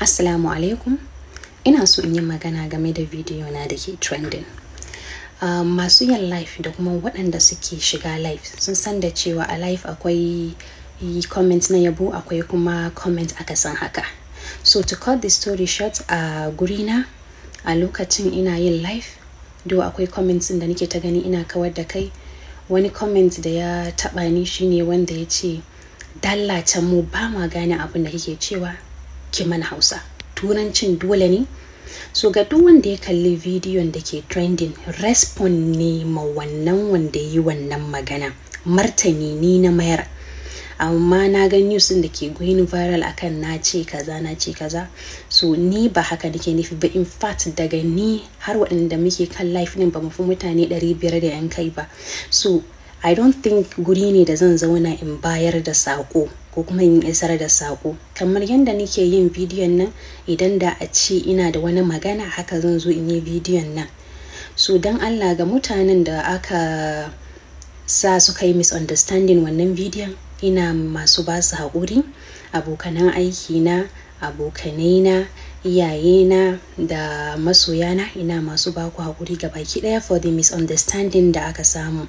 Assalamu alaikum ina so in yi magana game da bidiyo na da ke trending ah, masu yin live da kuma waɗanda suke shiga live sun san da cewa a live akwai comment na yabo akwai kuma comment san haka so to cut the story short a gurina a lokacin ina yin live do akwai comments da nake ta gani ina kawar da kai wani comment da ya taɓa ni shine wanda ya ce dallacen mu ba ma gane abin da kike cewa ki mana hausa turancin dole ne so ga duk wanda ya kalli bidiyon da ke trending respond ne ma wannan wanda yi wannan magana martani ni na mayar amma na ga news din da ke going viral akan na ce kaza na ce kaza so ni ba haka nake nufi ba in fact daga ni har waɗanda muke kan life din ba mu fi mutane 500 da yan kai ba so i don't think guri ne da zan zauna in bayar da sako ko kuma in isar da sako kamar yadda nake yin bidiyon nan idan da a ce ina da wani magana haka zan zo in yi bidiyon nan so don allah ga mutanen da aka sa suka yi misunderstanding wannan bidiyon ina masu ba su haƙuri abokanan aiki na abokanaina iyayena da masoyana ina masu baku haƙuri ga baki ɗaya for the misunderstanding da aka samu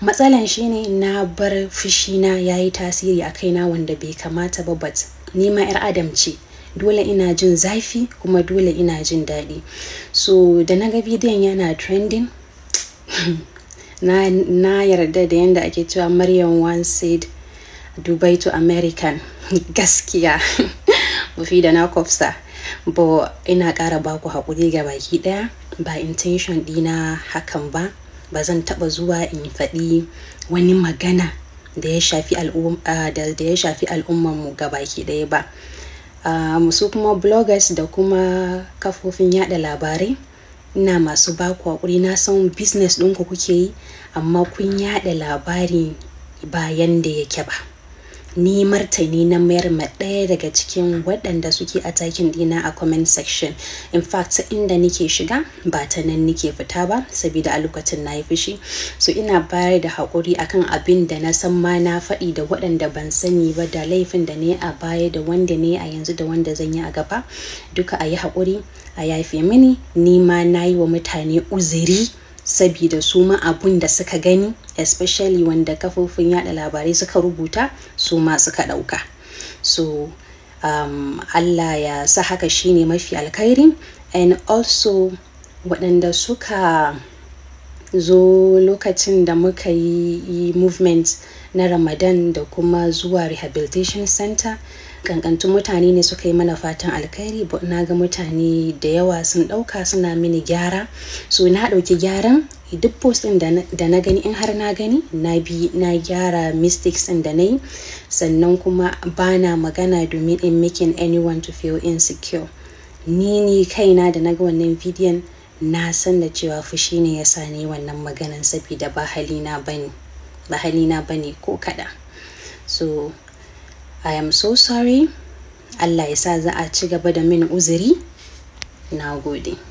matsalan shine na bar fushina ya yi tasiri a kaina wanda bai kamata ba but nima 'yar adam ce dole ina jin zafi kuma dole ina jin daɗi so da na ga bidiyon yana trending na, yarda da yadda ake cewa maryam one said dubai to american gaskiya da na kofsa bo ina ƙara baku haƙuri ga baki ɗaya ba intention ɗina hakan ba ba zan taɓa zuwa in faɗi wani magana da ya shafi al'ummanmu ga baki ɗaya ba musu kuma bloggers da kuma kafofin yada labarai ina masu ba ku haƙuri na san business ɗinku kuke yi amma kun yada labari bayan da yake ba ni martani na mayar ma ɗaya daga cikin waɗanda suke a takin dina a comment section in fact inda nike shiga ba ta nan nike fita ba saboda a lokacin na yi fushi so ina bayar da haƙuri akan abin da na san ma na faɗi da waɗanda ban sani ba da laifin da ne a baya da wanda ne a yanzu da wanda zan yi a gaba duka a yi haƙuri a yafe mini ni ma na yi wa mutane uziri. sabida su ma abun da suka gani especially wanda kafofin yada labarai suka rubuta su ma suka dauka so um, allah ya sa haka shine mafi alkhairi and also waɗanda suka zo lokacin da muka yi movement na ramadan da kuma zuwa rehabilitation center kankantun mutane ne suka yi mana fatan alkhairi na ga mutane da yawa sun ɗauka suna mini gyara so na ɗauki gyaran duk post ɗin da na gani in har na gani na bi na gyara mistakes ɗin da na yi sannan kuma bana magana domin in making anyone to feel insecure ni ni kaina da na ga wannan bidiyon na san da cewa fushi ne ya sa ni wannan maganan saboda ba halina bane ba ne ko kada so i am so sorry allah ya sa za a ci gaba da min uzuri na gode